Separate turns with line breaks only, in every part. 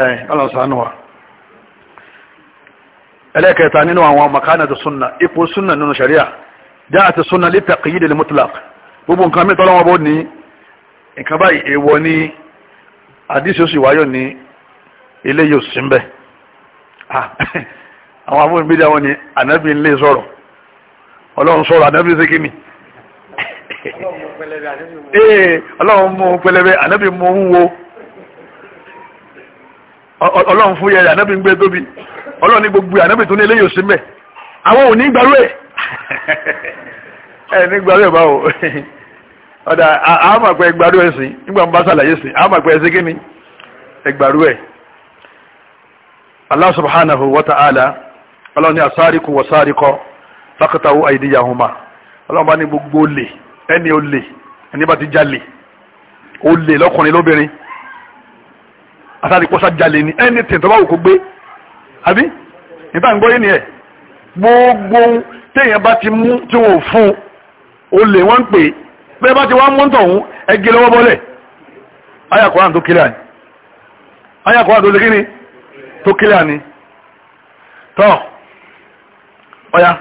Eh, ẹlẹ́kẹta nínú àwọn makanatu sunna ipò sunna nínú sharia já àti sunna lè taqyid al-mutlaq gbogbo nǹkan mẹ́ta lọ́wọ́ bó ní nǹkan báyìí èèwọ̀ ah, ní àdísì oṣù wáyọ̀ ní ilé yóò sí mbẹ́ àwọn afọ́ ìbídí àwọn ni ànábì ń lè sọ̀rọ̀ ọlọ́run sọ̀rọ̀ ànábì sí kíni eh, ọlọ́run mú pẹlẹbẹ ànábì mú wúwo ọlọ́run fún yẹrẹ ànábì ń gbé tóbi ọlọ́run ní gbogbo ànábì tó ní eléyìí ò sí mẹ́ àwọn ò ní gbàrú ẹ̀ ẹ̀ ní gbàrú ẹ̀ báwo ọ̀dà àmàpẹ́ gbàrú ẹ̀ sí nígbà ń bá sàlàyé sí àmàpẹ́ ẹ̀ sí kí ni ẹ̀ gbàrú ẹ̀ Allah subhanahu wa ta'ala ọlọ́run ní asariqu wa sariqa faqta'u aydiyahuma ọlọ́run bá àtàrí pọ́sá jalè ní anything tó bá wù kó gbé àbí níta ń gbọ́ yé ni ẹ̀ gbogbo téèyàn bá ti mú tí wọn ò fún o lè wọ́n ń pè bẹ́ẹ̀ bá ti wá mú tọ̀hún ẹgbẹ́ lọ́wọ́ bọ́lẹ̀ ni ayàkọ́ràn tó lè ni tó ni tọ́ ọ̀yá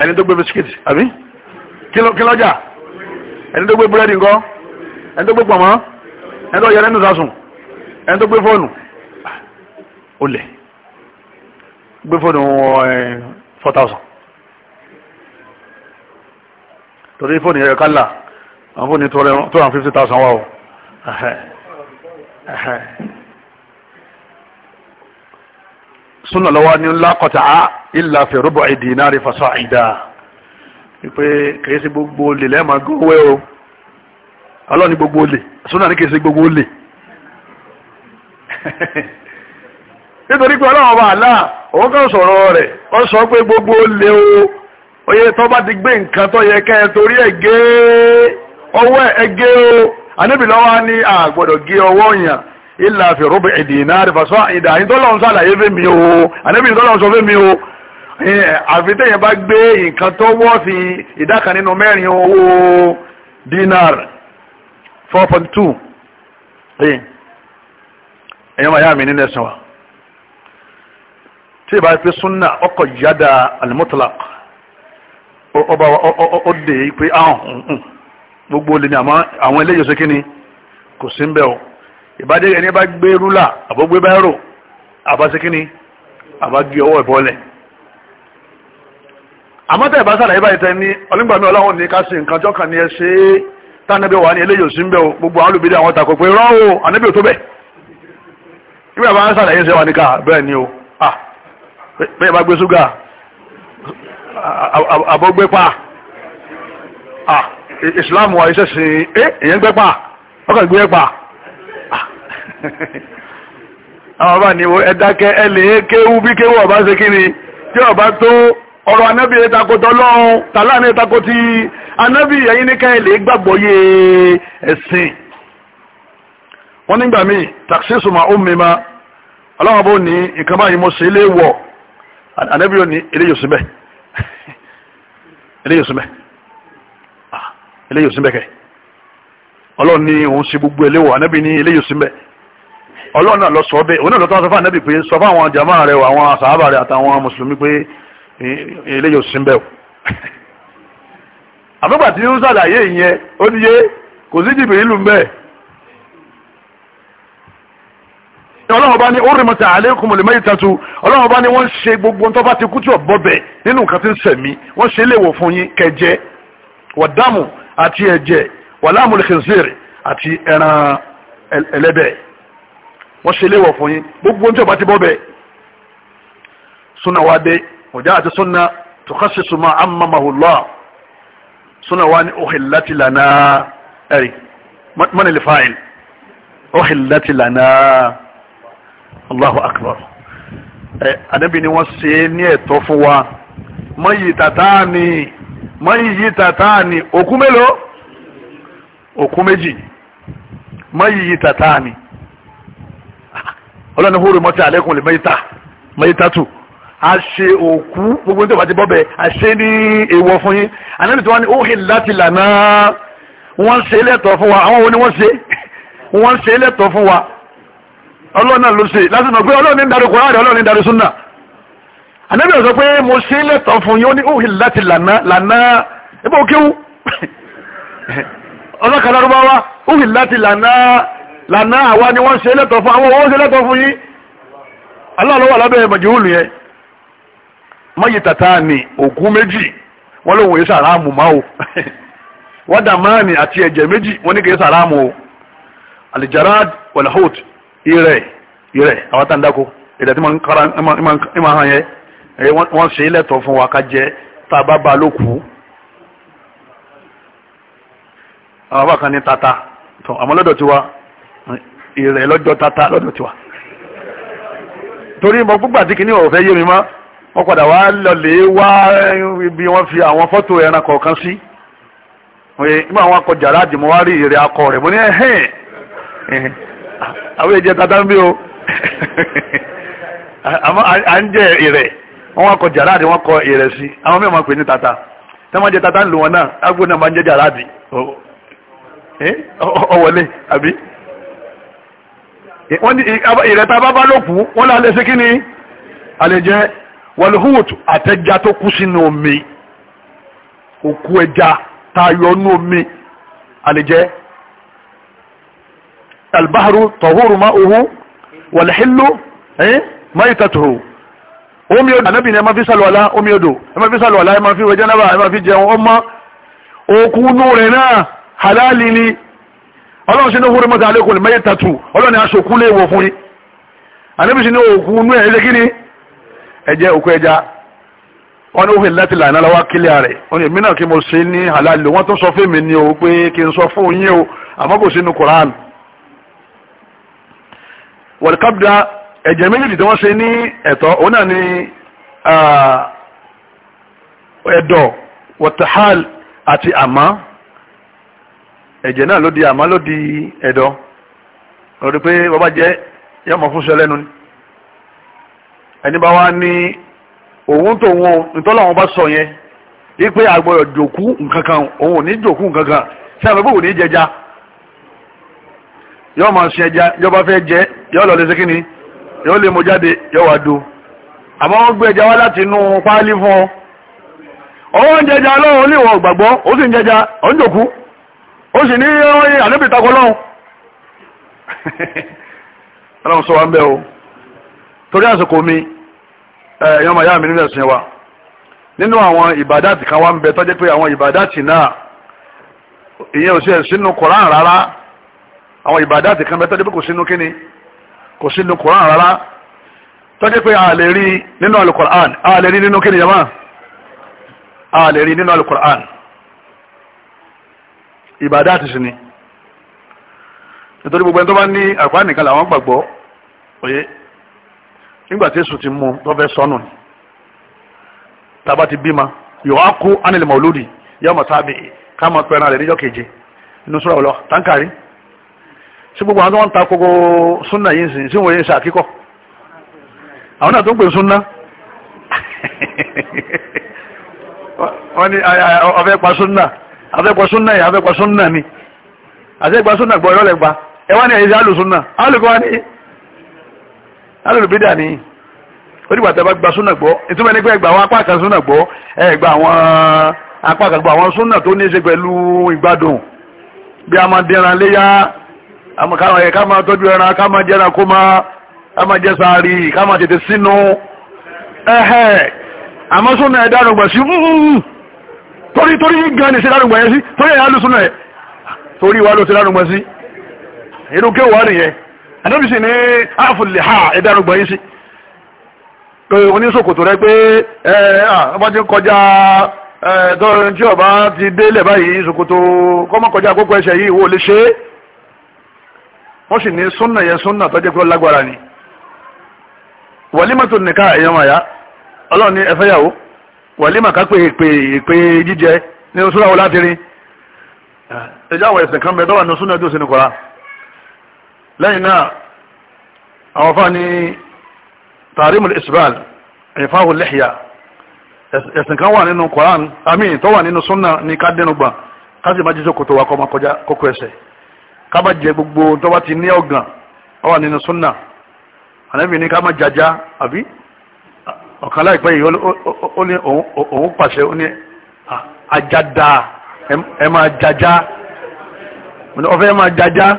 ẹni tó gbé bisikíìtì àbí kí lọ́jà ẹni tó gbé búrẹ́dì nǹkan ẹni tó gbé pọ̀ mọ́ ẹni tó yẹ lẹ́nu sásùn ẹni tó gbé fóònù ó lẹ̀ gbé fóònù four thousand torí fóònù yẹ kálà àwọn fóònù two hundred fifty thousand wà o súnà lọ́wọ́ ní ńlá kọta ìlà fẹ̀rọ̀bọ̀ ìdínárì fasọ́ àìdá wípé kìí sí gbogbo lè lẹ́ẹ̀mà gówẹ́ o ọlọ́ni gbogbo olè súnà ní kìí ṣe gbogbo olè nítorí pé ọlọ́run ọba àlá òun kan sọ̀rọ̀ rẹ̀ ó sọ pé gbogbo olè o oyè tó bá ti gbé nǹkan tó yẹ kẹ́ ẹ torí ẹ̀ gé ọwọ́ ẹ̀ gé o àníbìlọ́wọ́ ní àgbọ̀dọ̀ gé ọwọ́ yàn ilà fi rúbì ìdìnnà àrífàṣọ ìdàyìn tó lọ́n sàlàyé fún mi o àníbìlọ́ tó lọ́n sọ fún mi o àfi téèyàn bá gbé nǹkan tó wọ́ sí ìdá kan nínú mẹ́rin owó dínárì four point two ee ẹ̀yọ́n máa yá mi nínú ẹ̀sìn wa tí ìbá pé súnà ọkọ̀ yáda alimutlak ọba ó dè é pé ahùn gbogbo olè ni àwọn eléyìí ṣe kíni kò sí ń bẹ̀ o ìbádé ẹni bá gbé rúlà àbọ̀gbé báírò àbá ṣe kíni àbá gé ọwọ́ ìbọ́lẹ̀ àmọ́tẹ̀ ìbá sàlàyé báyìí tẹ ní ọlọ́gbàmí ọlọ́run ní ká sí nǹkan jọ́kàn ní ẹ ṣe é tánàbí wà ní eléyìí òsín bẹ́ o gbogbo àwọn olùbídé àwọn tako pé rán o ànábì ò tó bẹ̀ nígbà bá ń sàlàyé ṣe wà níka bẹ́ẹ̀ ni o bẹ́ẹ̀ bá gbé ṣúgà àbọ̀gbẹ́pà ìsìláàmù wa iṣẹ́ sìn e é èyàn gbẹ́pà ọkàn gbé ẹ̀pà àwọn bá ní ẹ̀dákẹ́ ẹ̀ lè kéwú bí kéwú ọba ṣe kí ni tí ọba tó ọ̀rọ̀ anábì ìtakòtọ́ lọ́run tàlá ní ìtakòtí anábì ẹ̀yìn ní káìlè gbàgbọ́ yé ẹ̀sìn wọ́n nígbà míì taxis ma ó mímá aláwọ̀ bó ní nǹkan báyìí mo ṣe ilé wọ̀ anábì ò ní eléyìí síbẹ̀ eléyìí síbẹ̀ ah, eléyìí síbẹ̀ kẹ́ ọlọ́run ní òun ṣe gbogbo ẹlẹ́wọ̀ anábì ní eléyìí síbẹ̀ ọlọ́run náà lọ sọ bẹ́ẹ̀ òun náà lọ sọ fún anábì pé sọ fún àwọn jàmáà rẹ̀ àwọn sàhábà rẹ̀ àtàwọn mùsùlùmí pé eléyìí ò sí bẹ́ẹ̀ o àmọ́gbà tí ó ṣàlàyé ìyẹn ó ní yé kò sí jìbìrì lù bẹ́ẹ̀ ọlọ́run bá ní orímọ̀tà àlékún mọ̀lẹ́mọ́ ìtàtù ọlọ́run bá ní wọ́n ṣe gbogbo tó bá ti kú tí ò bọ́bẹ̀ nínú nǹkan tí ń sẹ̀mí wọ́n ṣe léèwọ̀ fún yín kẹjẹ wọ̀dámù àti ẹ̀jẹ̀ wàlámù lẹ́kẹ̀nsẹ̀rẹ̀ àti ẹran ẹlẹ́bẹ̀ wọ́n ṣe léèwọ̀ fún yín gbogbo tó bá ti bọ́bẹ̀ súnà wá وجاءت سنة تخصص ما عممه الله سنة وان أحلت لنا أي من الفاعل أحلت لنا الله أكبر anabi ni wọ́n ṣe ní ẹ̀tọ́ fún wa mọyì tata ni mọyì tata ni òkú mélòó òkú méjì mọyì tata ni ọlọ́ni hóró mọ́tí alẹ́kùn lè mẹ́yìtà mẹ́yìtà tù a ṣe òkú gbogbo nítorí àti bọ́bẹ̀ a ní èèwọ̀ fún yín anábì wọ́n ní ó hì láti lànà wọ́n ṣe lẹ́tọ̀ fún wa àwọn wo ni wọ́n ṣe wọ́n ṣe lẹ́tọ̀ fún wa ọlọ́nà ló ṣe láti mọ̀ pé ọlọ́run ní darí Kùránì ọlọ́run ní darí súnà anábì sọ pé mo ṣe lẹ́tọ̀ fún yín ó ní ó hì láti lànà lànà ẹgbẹ́ òkéwú ọlọ́kadà rúbáwá ó hì láti lànà lànà àwa mọ́yì tàtà ni ògún méjì wọ́n lóun yẹ sàrámù má o àti ẹ̀jẹ̀ wọ́n ní sàrámù o alijarad walahot irẹ̀ irẹ̀ àwọn tá ń dáko ìdẹ̀tí máa hàn wọ́n ṣe lẹ́tọ̀ fún wa ká tá a bá ba ló kú àwọn bá kan ní tata tó àmọ́ tiwa wọ́n padà wá lọlé wá ibi wọ́n fi àwọn fọ́tò ẹran kọ̀ọ̀kan sí oye nígbà wọn akọ jàrá wá rí ìrẹ́ akọ rẹ̀ mo ní ẹ̀hìn àwọn èjẹ tata ń bí o à ń jẹ wọ́n akọ jàrá àdì wọ́n kọ ìrẹ̀ sí àwọn mẹ́rin pè ní tata tí wọ́n jẹ tata ń lò wọn náà ágbó náà máa ń jẹ àbí ìrẹ́ta bá wọlúhùwòtù àtẹjá tó kú sínú omi òkú ẹja tayọ nú omi àlejẹ albaharu tọhúrù má òhun wọlẹhìlú ẹyìn eh, mayitatuhu omi odò anabi ni ẹ máa fi sàlùwàlá omi odò ẹ máa fi sàlùwàlá ẹ máa fi wẹjẹ náà ẹ máa fi jẹun ọmọ òkú nú rẹ náà halali ni ọlọ́run sínú hurumata alaykum mayitatu ọlọ́run ni aṣòkú lè wọ̀ fún yín anabi sínú òkú nú ẹ̀ ẹ́ ṣe ẹjẹ́ òkú ẹja wọ́n ní òfin láti lànà lọ́wọ́ kílẹ̀ rẹ̀ wọ́n ní èmi náà kí mo ṣe ní halal wọ́n tún sọ fún mi ni o pé kí n sọ fún yín o àmọ́ kò sínú Quran wọ̀lùkọ́bdà ẹ̀jẹ̀ méjì tí wọ́n ṣe ní ẹ̀tọ́ òun náà ni ẹ̀dọ̀ wọ̀tahal àti àmá ẹ̀jẹ̀ náà ló di àmá ló di ẹ̀dọ̀ lórí pé bàbá jẹ́ yọmọ fún sọ lẹ́nu ni. ẹni bá wá ní òun tó wọn bá sọ yẹn ipe àgbọ̀dọ̀ jòkú nkankan òun ní nkankan sí àgbẹ̀ kò ní jẹja yọ ma sin ẹja yọ bá fẹ́ jẹ yọ lọ lè ṣe yọ mọ jáde yọ wá do àmọ́ gbé ẹja wá láti inú páálí fún ọ ọwọ́ ń jẹja lọ́wọ́ ní ìwọ̀ gbàgbọ́ ó sì ń jẹja ó ń sì ní ẹ̀rọ lọ́wọ́ ọlọ́run torí àsìkò mi ẹ̀yàn màyà mi nílẹ̀ sin wa nínú àwọn ìbàdàtì kan wà ń bẹ tọ́jú pé àwọn ìbàdàtì náà ìyẹn ò sí ẹ̀ sínú koran rárá àwọn ìbàdàtì kan bẹ tọ́jú pé kò sínú kíni kò sínú koran rárá tọ́jú pé a lè rí nínú alukoran a lè rí nínú kíni yamá a lè rí nínú alukoran ìbàdàtì sí ni nítorí gbogbo ẹni tó bá ní àkọ́ nìkan làwọn gbàgbọ́ òye nígbà tí èso ti mú tó fẹ́ ni tába ti bímọ yòó á kó anil mauludi yóò mọ̀ sábì ká mọ̀ pẹ́ran rẹ̀ níjọ́ keje inú sọ́ra ọ̀lọ́ táǹkàrí sí gbogbo àwọn tó ń ta kókó súnà yìí sìn sí wòye ṣe àkíkọ́ àwọn náà tó ń pè súnà wọ́n ní ọ̀fẹ́ pa súnà afẹ́pọ̀ súnà yìí afẹ́pọ̀ súnà ni àti ẹgbà súnà gbọ́ ìrọ́lẹ̀ gba ẹ wá ní ẹ̀yẹ́ sí alùsúnà alùkọ́ wá ní alólùbídà ni onígbà tí a bá gba súnà gbọ́ ìtumọ̀ ẹni pé ẹgbà àwọn apá kan súnà gbọ́ ẹgbà àwọn apá kan gbọ́ àwọn súnà tó ní í ṣe pẹ̀lú ìgbádùn bí a máa dẹran léyà ká máa tọ́jú ẹran ká máa jẹran kó máa ká máa jẹ sàárì ká máa tètè sínú ẹ̀hẹ́ àmọ́ súnà ẹ̀ dárògbà sí torí torí gan ni sí dárògbà yẹn sí torí ẹ̀ á ẹ̀ torí wa ló sí dárògbà sí irú kéwàá nìyẹn ànábì sì ní àfùlẹ̀hà ìdárúgbọ̀n yìí sí oníṣòkòtò rẹ pé ẹ ọba ti ń kọjá tọ́rin tí ọba ti délẹ̀ báyìí ṣòkòtò kọ́mọ kọjá àkókò ẹsẹ̀ yìí wò lè ṣe é wọ́n sì ní súnà yẹ súnà tọ́jẹ́ pé lágbára ni wàlímàtò nìka èèyàn màyá na ní ẹ̀fẹ́ yàwó wàlímà pé èpè èpè jíjẹ ní oṣù ẹjọ́ àwọn ẹ̀sìn kan tọ́wà ní lẹ́yìn náà àwọn ní isbal lẹ́hìyà ẹ̀sìn kan wà nínú koran àmì tó wà nínú ní máa kòtò kọ́ kọjá ẹsẹ̀ gbogbo tó bá ti ní wà nínú ní ká jaja àbí ọ̀kan láìpẹ́ yìí ó ní òun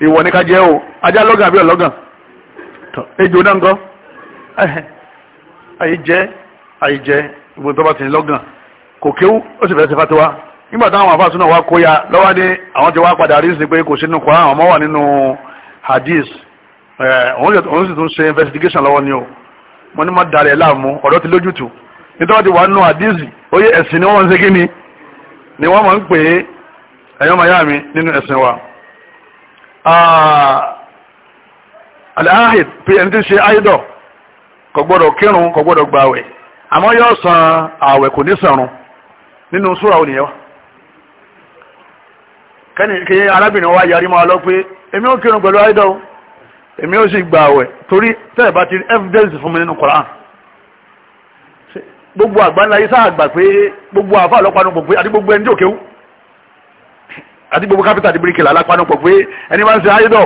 ìwọ ní ká jẹ́ o ajá lọ́gàn àbí ọlọ́gàn ejò náà ń gọ́ àìjẹ́ àìjẹ́ ìbò tó bá ti lọ́gàn kò kéwú ó sì fẹ́ẹ́ ṣe fatiwa nígbà táwọn àfáà súná wa kóya lọ́wọ́ ní àwọn ti wá padà rí sí pé kò sínú Kùránì àwọn ọmọ wà nínú hadith òun sì tún ṣe investigation lọ́wọ́ ni o mo ní má darẹ̀ láàmú ọ̀dọ́ ti lójútu nítorí ti wà nù hadith oyè ẹ̀sìn ni wọ́n ń ṣe kí ni ni wọ́n máa ń pè é ẹ̀yọ́ Ah, aláhìd pé ẹni tí ń ṣe áìdọ̀ kò gbọ́dọ̀ kírun kò gbọ́dọ̀ gbààwẹ̀ àmọ́ yóò san ààwẹ̀ kò ní sànrun nínú súra ònìyàn wa kí arábìnrin wa yarí máa lọ pé èmi ò kírun pẹ̀lú áìdọ̀ èmi ò sì gbààwẹ̀ torí tẹ́ẹ̀ bá ti rí evidence fún mi nínú Quran gbogbo àgbáńlá yìí sáà gbà pé gbogbo àfa àlọ́pàá nù gbogbo àti gbogbo ẹni tí ò kéwú àti gbogbo kápítà ti bíríkìlà alápánú pọ̀ pé ẹni máa ń ṣe ayédọ̀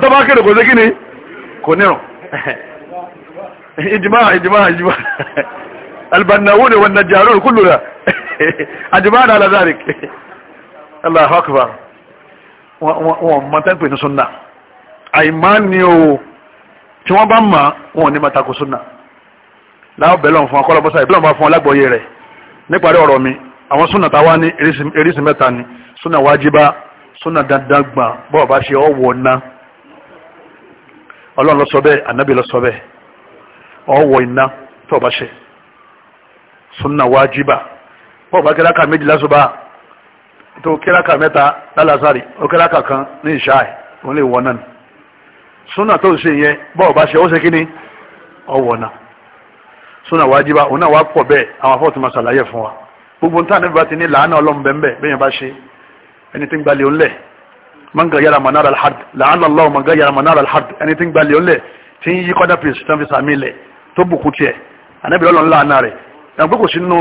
tó bá kéde kò sí kíni kò nírun ìjìmá ìjìmá ìjìmá albannawo ne wannan jaron kullu da ajima da alazarik Allahu akbar wọn matan pe ni sunna àìmá ni o tí wọ́n bá mọ̀ wọn ní matako sunna láwọn bẹ̀lọ̀ fún akọ́lọ́bọ́sá ìbílọ̀ bá fún ọlágbọ̀ọ́yé rẹ̀ níparí ọ̀rọ̀ mi àwọn súnà táwa ní eréṣin mẹ́ta ni súnà wájibá súnà dandan gbà bọ́ọ̀ bá ṣe ọ̀wọ̀ ná ọlọ́run lọ sọ bẹ́ẹ̀ ànábì lọ sọ bẹ́ẹ̀ ọ̀wọ̀ iná tó o bá ṣe súnà wájibá bọ́ọ̀ bá kíláka méjì lásùbà tó kíláka mẹ́ta lálásàrì ó kíláka kan ní ìṣá ẹ̀ òun lè wọ̀ náà ni súnà tó ṣe yẹn bọ́ọ̀ bá ṣe ó ṣe kí ni ọ̀wọ̀ náà súnà wájibá òun náà wá pọ̀ bẹ́ẹ̀ àwọn afọ́ọ̀tún máa ṣàlàyé fún wa gbogbo nta níbi bá ti ní làánà ọlọ́run bẹ́ẹ̀ bẹ́ẹ̀ yẹn bá ṣe ẹni tí ń gbalẹ̀ ó lẹ̀ mọ̀ngà yàrá manara alhad làánà ọlọ́run mọ̀ngà yàrá manara alhad ẹni tí ń gbalẹ̀ ó lẹ̀ tí ń yí kọ́dà pèsè tán fi sàmì lẹ̀ tó bùkún tiẹ̀ ànábì ọlọ́run làánà rẹ̀ ẹ̀gbẹ́ kò sínú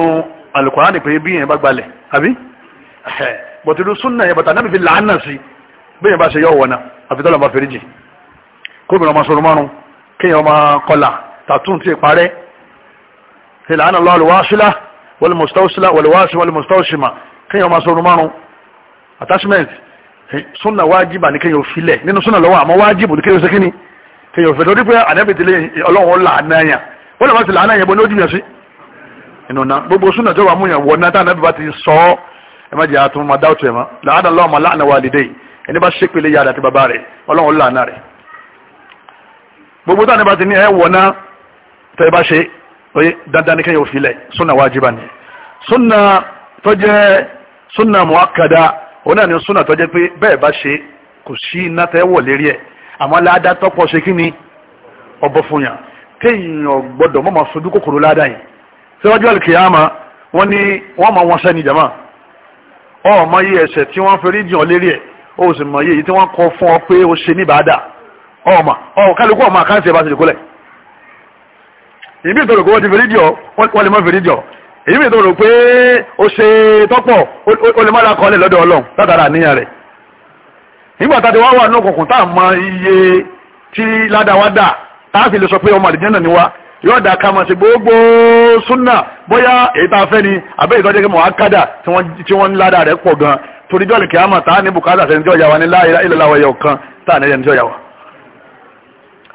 alukọ̀rán ni pé bí yẹn bá gbalẹ̀ àbí bọ̀tìlú súnà yẹn bàtà ànábì fi làánà sí bí yẹn bá ṣe yọ wọ̀nà wal mustawsila wal wasi wal mustawshima kéèyàn máa sọ̀rọ̀ márùn attachment sunna wájibà ní kéèyàn filẹ̀ nínú sunna lọ́wọ́ àmọ́ wájibù ní kéèyàn sékíní kéèyàn fẹ́ lórí pé àdẹ́bìtìlẹ̀ ọlọ́run làánáyà wọ́n lè má ti làánáyà bó ní ó jìyàn sí ìnùnà gbogbo sunna tó wà mú yàn wọ náà tá ànábì bá ti sọ ọ́ ẹ má jẹ́ àtún máa dáwọ́tò ẹ̀ mọ́ làánà lọ́wọ́ máa láàánà wàlídé ẹni bá ṣépele yàrá àti bàbá rẹ̀ ọlọ́run ṣe oye dandan ni kẹ́yìn òfin lẹ̀ sunna wájibà ni sunna tó jẹ́ sunna muakkada òun náà ni sunna tó jẹ́ pé bẹ́ẹ̀ bá ṣe kò sí iná tẹ́ wọ̀ lérí ẹ̀ àmọ́ ládàá tọ́pọ̀ ṣe kí ni ọbọ̀ fún yàn kéèyàn gbọ́dọ̀ mọ́ máa sojú kòkòrò ládàá yìí síwájú àlùkìyàmá wọ́n ní wọ́n ma, wọn sẹ́ni jàmá ọmọ yìí ẹ̀ṣẹ̀ tí wọ́n fẹ́rí jìn lérí ẹ̀ ó sì mọ̀ yìí tí wọ́n kọ fún ọ pé ó ṣe níbàádà ọmọ ọ̀ kálukú ọmọ àkáǹtì ẹ̀ bá ti dìkúlẹ̀ ìbí ìtọ́rọ̀ pé wọ́n ti fèrèdíọ̀ wọ́n lè má fèrèdíọ̀ ìbí ìtọ́rọ̀ pé ó ṣe tọ́pọ̀ ó lè má kọ́lẹ̀ lọ́dọ̀ ọlọ́run látara àníyàn rẹ̀ nígbà tá a ti wá wà ní òkùnkùn tá a mọ iye tí ládàá tá a fi lè sọ pé ọmọ àdìjẹ́ náà ni wá yóò dà ká mọ̀ sí gbogbo súnà bóyá èyí tá a fẹ́ ni àbẹ́ ìtọ́jẹ́ kí mọ̀ á kádà tí wọ́n ń ládàá rẹ̀ pọ̀ gan torí jọ́ọ̀lì kìámà tá a ní bùkátà sẹ́ni tí ọ̀yà wa ní láàyè ilẹ̀ láwọ̀ ẹ̀yọ̀ kan tá a ní tí ọ̀yà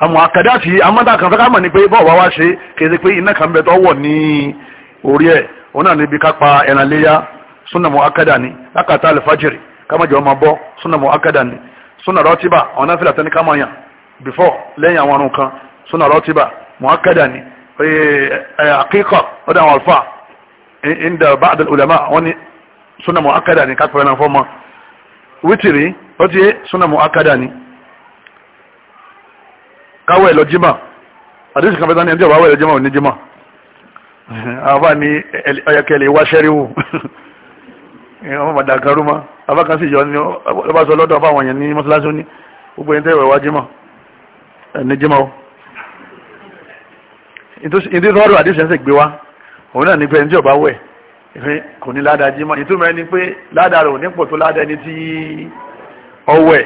àmọ́ àkàdáàtì amọ́dá kan fẹ́ká mọ̀ ní pé bọ́ọ̀wá wá ṣe kéde pé iná kan bẹ tó wọ̀ ní orí ẹ̀ òun náà níbi ká pa ẹran léyà súnàmù akádà ni lákàtà àlùfájìrì kámọ́jọ́ máa bọ́ súnàmù akádà ni súnà rọ́tíbà àwọn náà fìlà tẹ́ni ká yàn before lẹ́yìn àwọn ọ̀run kan súnà rọ́tíbà mọ́ akádà ni àkíkọ̀ ọ̀dọ̀ àwọn alfa inda ba'd al-ulama wọ́n ní súnàmù akádà ni ká pẹ̀lú ẹran fọ́mọ wítìrì ó ti súnàmù akádà ni káwẹ̀ lọ jímà àdéhùn kan fẹ́ta ní ẹjọ́ àwẹ̀ lọ jímà ò ní jímà àbá ni ọ̀yẹ̀kẹ̀lẹ̀ wá ṣẹ́ríwò ọmọ màdà kan rúmọ́ àbá kan sì yọ ní ọba sọ lọ́dọ̀ àbá àwọn èèyàn ní mọ́sálásí ó ní gbogbo ẹni tẹ́wẹ̀ wá jímà ní jímà ó ìdí tọ́rọ àdéhùn sì gbé wá òun náà ní pé ẹni ọba wẹ̀ kò ní ládàá jímà ìtumọ̀ ẹni pé ládàá rẹ̀ ò ní pọ̀ tó ládàá ẹni tí ọwẹ̀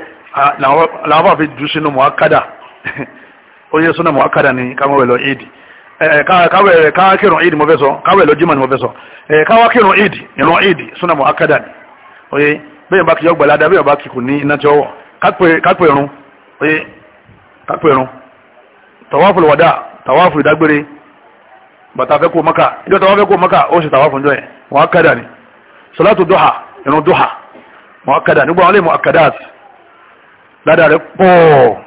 làwọn bá fi jù sínú mọ́ ó yẹ súnà mọ̀ákàdà ni káwọn wẹ̀ lọ ìdì káwẹ̀ ká kírun idi mo fẹ́ sọ káwẹ̀ lọ jimá ni mo fẹ́ sọ káwá kírun ìdì ìran ìdì súnà mọ̀ákàdà ni ó yẹ bẹ́ẹ̀ bá kìí ọgbà ládàá bẹ́ẹ̀ bá kìí kù ní iná tí ó wọ̀ kápẹ̀ irun ó yẹ kápẹ̀ irun tàwáfù lọ́wọ́dà tàwáfù ìdágbére bàtà fẹ́ kó maka ìjọ tàwáfù fẹ́ kó maka ó sì tàwáfù njọ́ yẹn mọ̀ákàdà ni sọlátù duha irun dọ́hà mọ̀ákàdà nígbà wọn lè mọ̀ákàdà ládàá rẹ̀ pọ̀ọ̀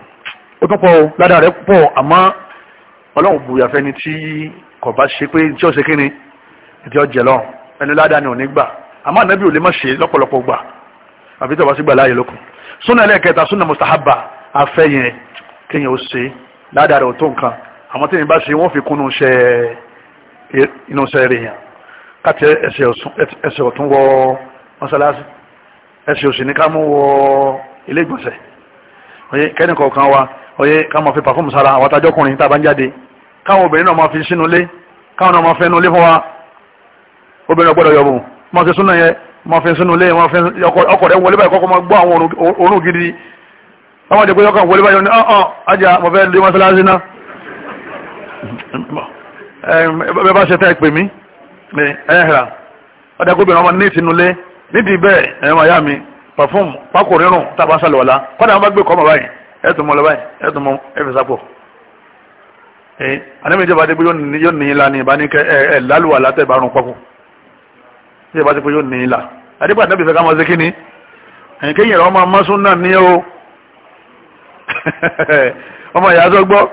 ó tún pọ̀ ládàá rẹ̀ pọ̀ àmọ́ ọlọ́run bùyà fẹ́ni tí kò bá ṣe pé tí ó ṣe kíni tí ó ẹni ládàá ni ò ní gbà àmọ́ ànábì ò lè má ṣe lọ́pọ̀lọpọ̀ gbà àfi tí ọba sì gbà láàyè lókun súnà ẹlẹ́ẹ̀kẹta súnà mustahaba afẹ́yẹn kéèyàn ó ṣe ládàá rẹ̀ ò tó nǹkan àmọ́ tí èèyàn bá ṣe wọ́n fi kún inú iṣẹ́ rẹ̀ yàn káti ẹsẹ̀ ọ̀tún wọ mọ́sálásí ẹsẹ̀ òsì ní ká mú wọ ilé ìgbọ̀nsẹ̀ kẹ́nìkọ̀ọ̀kan wa Oye, ká máa fi pàfọ́ọ̀mù sára àwọn atajọ́kùnrin tá a bá ń jáde káwọn obìnrin náà máa fi sínú ilé káwọn náà máa fẹ́ nu ilé fún wa obìnrin ọgbọ́dọ̀ yọ̀bù máa fi súnà yẹn máa fi sínú ilé máa fi ọkọ rẹ wọlé báyìí kọ́kọ́ máa gbọ́ àwọn òórùn gidi báwọn jẹ́ pé ọkọ̀ wọlé báyìí ni ọ̀hún ah, ah, ajá mo fẹ́ lé mọ́sálásí náà bẹ́ẹ̀ bá ṣe tẹ́ pè mí ẹ̀hẹ̀rà ọ̀dà gómìnà ọmọ ní ìtinú ilé nídìí bẹ́ẹ̀ ẹ̀yọ́ màyá ẹ̀tùn mọ́ lọ́bàá ẹ̀tùn mọ́ ẹ̀fẹ̀sápọ̀ ẹ̀ anẹ́mìjọba dé pé yóò ní ilá ní ala ẹ̀ lálùwà látẹ̀ ìbárun pọ́kù tí ìbá ti pé yóò ní ilá àdébà náà bìfẹ́ ni o ọmọ ìyá sọ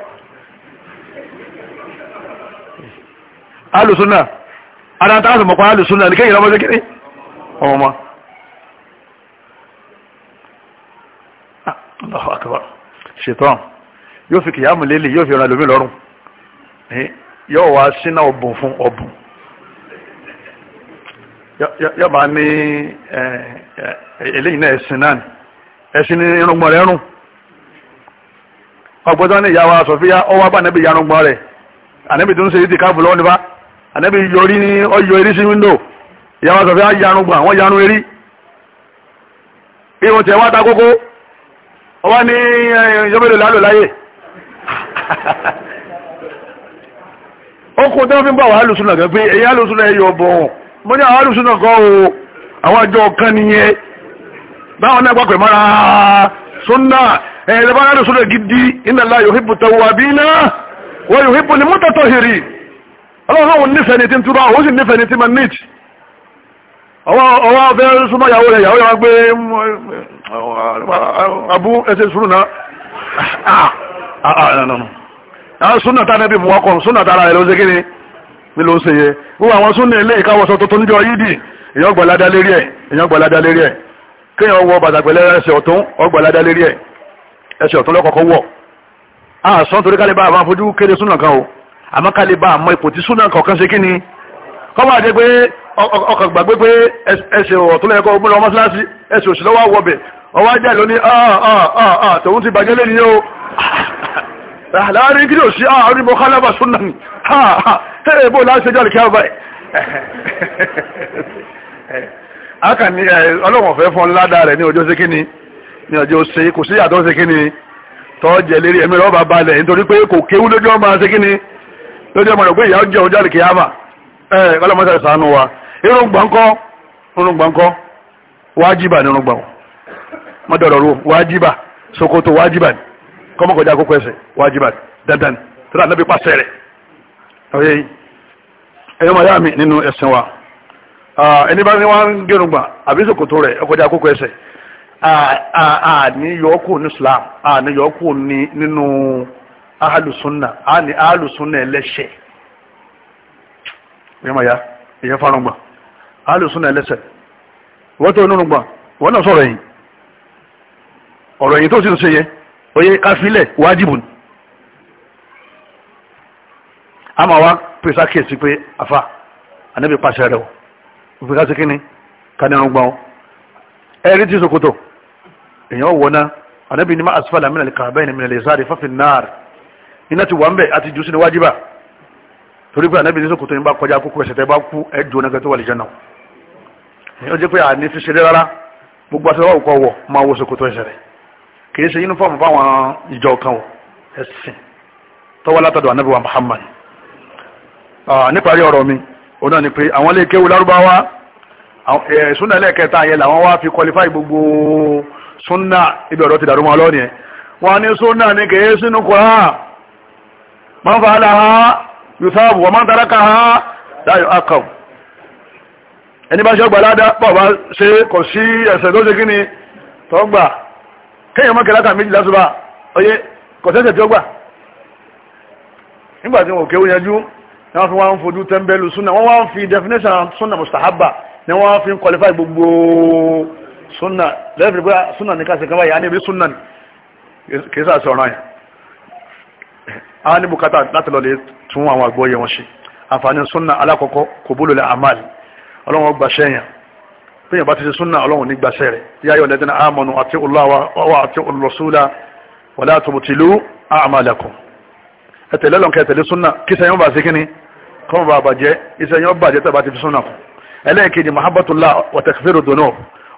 ṣetán yóò fi kìyàmù lélẹ̀ yóò fi ran ẹlòmíì lọ́rùn yóò wá sínú ọ̀bùn fún ọ̀bùn yóò bá ní eléyìí náà ẹ̀sìn náà ẹ̀sìn ní irungbọ̀n rẹ̀ rùn ọgbọ́dọ́ ní ìyàwó asọ̀fíà ọwọ́ bá nẹ́bí yarungbọ̀n rẹ̀ ànẹ́bí tó ń ṣe ìdí káàbù lọ́wọ́ nípa ànẹ́bí yọrí ní ọyọ eré sí wíńdò ìyàwó asọ̀fíà yarungbọ̀n àwọn yarun eré irun tẹ̀ wá ta kókó
ọwọ́ ní ìjọbẹ̀lò lálò láyé
okùn tó fi ń bọ̀ wà lùsùnà gan pé èyí alùsùnà ẹ̀yọ bọ̀ọ̀n mọ́ ní àwọn alùsùnà kọ́ o àwọn àjọ kan nìyẹn báwọn náà gbàgbé mọ́ra súnà alùsùnà gidi Allah wa ni abu ẹsẹ̀ sùúrù náà àwọn súnà tá nẹ́bí mú ọkọ̀ súnà tára ẹ̀ ló ṣe kíni ní ló ń ṣe yẹ wọ́n àwọn súnà ilé ìkáwọ́sọ tuntun níjọ yídì èyàn gbọ̀ládá lérí ẹ̀ èyàn gbọ̀ládá lérí ẹ̀ kéèyàn wọ bàtà pẹ̀lẹ́ ẹsẹ̀ ọ̀tún ọgbọ̀ládá lérí ẹ̀ ẹsẹ̀ ọ̀tún lọ́kọ̀ọ́kọ́ wọ̀ àṣọ torí kálíbà àwọn afojú kéde súnà kan o àmọ́ kálíbà àmọ́ ipò tí súnà kọ̀ọ̀kan ṣe kíni kọ́mọ ọ̀tún lẹ́kọ̀ọ́ ọmọ ọwọ́ ajá ìlú ní ọ̀ọ̀ọ̀ọ̀ ah, ah, ah, tòun ti bàjẹ́ lẹ́ni yóò láàrin kí ló sí àwọn ìbò kálábà súnà ní ẹ̀ẹ́ bó láti ṣẹjọ́ eh, ìkẹ́ ọba ẹ̀ aka ni ọlọ́wọ̀n fẹ́ fọ́n ládàá rẹ̀ ní ọjọ́ sí kíni ní ọjọ́ sí kò sí àtọ́ sí kíni tọ́jẹ̀ lérí ẹ̀mí rọ́bà balẹ̀ nítorí pé kò kéwú lójú ọmọ sí kíni lójú ọmọ rẹ̀ pé ìyá ọjọ́ ọjọ́ ìkẹ́ ọba ẹ̀ eh, kọ́lọ́mọ́sẹ̀ sànú wa irun gbọ̀ǹkọ́ irun gbọ̀ǹkọ́ wájibà ní irun gbọ̀ǹkọ́ mọ́dọ̀rọ̀rọ̀ wajiba sokoto wajiban ni kọ́mọkọjá àkókò ẹsẹ̀ wajiban dandan tó dáa nàbí pàṣẹ rẹ̀ mi nínú ẹ̀sìn wa ẹni bá ní wọ́n gẹrun gbà àbí sokoto rẹ̀ ọkọjá àkókò ẹsẹ̀ àní ní Islam àní nínú àní gbà wọ́n tó nínú gbà wọ́n náà sọ̀rọ̀ yìí ọ̀rọ̀ yìí tó sì ṣe yẹ oyè káfílẹ̀ wájibù ni a máa wá pèsè àkíyèsí pé àfa ànábì pàṣẹ rẹ o òfin ká sí kínní ká ní ọrùn gbọ́n ẹ̀rí tí sokoto èèyàn wọ̀ náà ànábì ní má asfala min al-ka'bayni min al-yasari fafin nar iná ti wà ń bẹ̀ àti jù sí ni wájibà torí pé ànábì ní sokoto yìí bá kọjá kókó ẹsẹ̀ tẹ́ bá kú ẹ̀ jù onága wà lè náà èèyàn jẹ́ pé àní fi ṣeré rárá gbogbo àti kìí ṣe yunifọ́ọ̀mù fáwọn ìjọ kan o ẹ̀sìn tọ́wọ́ látọ̀dọ̀ ànábì wa Muhammad níparí ọ̀rọ̀ mi òun náà ni pé àwọn ilé kéwu lárúbáwá súnà ẹlẹ́ẹ̀kẹta yẹn làwọn wá fi qualify gbogbo súnà ibi ọ̀rọ̀ ti dàrú mọ́ ọlọ́ọ̀ni ẹ̀ wọ́n ní súnà ní kìí sínú Qur'an man fa'alaha yusabu wa man tarakaha la yu'aqab ẹni bá ṣe tọ́gbà kéèyàn má kẹlá kan méjì lásùbà oyè kọ̀sẹ́sẹ̀ tí ó gbà nígbà tí wọn ò kéwò yanjú ni wọ́n fi wọ́n ń fojú tẹ́ḿbẹ́lú súnà wọ́n wọ́n fi definition súnà mustahaba ni wọ́n fi ń qualify gbogbo súnà lẹ́fẹ̀ẹ́ pé súnà ní káṣẹ kan báyìí a ní ibi súnà kì í sà sí ọ̀ràn yẹn a ní bùkátà láti lọ lè tún àwọn àgbọ́yé wọn ṣe àǹfààní súnà alákọ̀ọ́kọ́ kò bólú lẹ́ àmàlì ọlọ́wọ́n gbàṣẹ́yàn tó yẹn bá ti ṣe súnà ọlọ́run nígbàṣẹ́ rẹ̀ yá yọ̀ lẹ́dínà àmọ́nù àti olùwàwà àti olùrọ̀súlà wọlé àtòbùtìlú àmàlẹ́kùn ẹ̀tẹ̀lẹ́ lọ́nkẹ́ ẹ̀tẹ̀lẹ́ súnà kí sẹ́yìn ó bà sí kíni kọ́ bá bàjẹ́ iṣẹ́ yẹn ó bàjẹ́ tẹ̀ bá ti fi súnà kù ẹlẹ́ẹ̀kejì mahabatullah wọ̀tẹ̀kẹ́fẹ́rù dùnú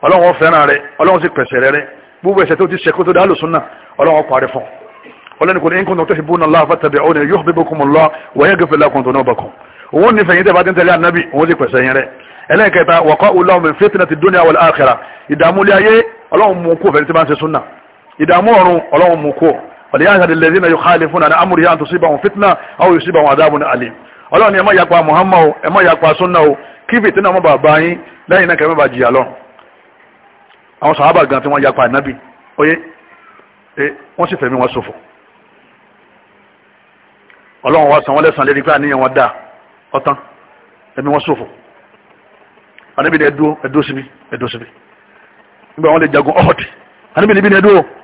ọlọ́run fẹ́ràn rẹ̀ ọlọ́run sì pẹ̀sẹ̀ rẹ̀ rẹ̀ gbogbo ẹ̀ṣẹ̀ tó ti ṣe kó tó dáàlù súnà ọlọ́run parí fún ọlọ́run kò ní kó tó ṣubú náà láàfà tàbí ọ̀nà yóò fi bókun mọ́ lọ lákùn tó náà bọ̀kùn òun nífẹ̀ẹ́ yín tẹ́ ànábì òun sì pẹ̀sẹ̀ yín rẹ̀ ẹlẹ́ẹ̀kẹta wọ̀kọ́ ọlọ́run fẹ́tìnà ti dúnìá wal akhirah ìdààmú ilé ayé ọlọ́run mú kó fẹ́ni tí máa ń ṣe súnà ìdààmú ọ̀run ọlọ́run mú kó ọ̀lẹ́yàtàdì lẹ́sìn náà yukhalifuna an amrihi an tusibahum fitna aw yusibahum adhabun alim ọlọ́run ni ẹ àwọn sàhábà gan tí wọ́n yapa ànábì ọlọ́run wa san wọ́n lẹ́sàn lérí pé àníyàn wọn dá ọtán ẹ̀mí wọn ṣòfò anabi ni ẹdúró ẹdúró síbi ẹdúró síbi nígbà wọn lè jagun ọhọtì anabi ni ibi ni ẹdúró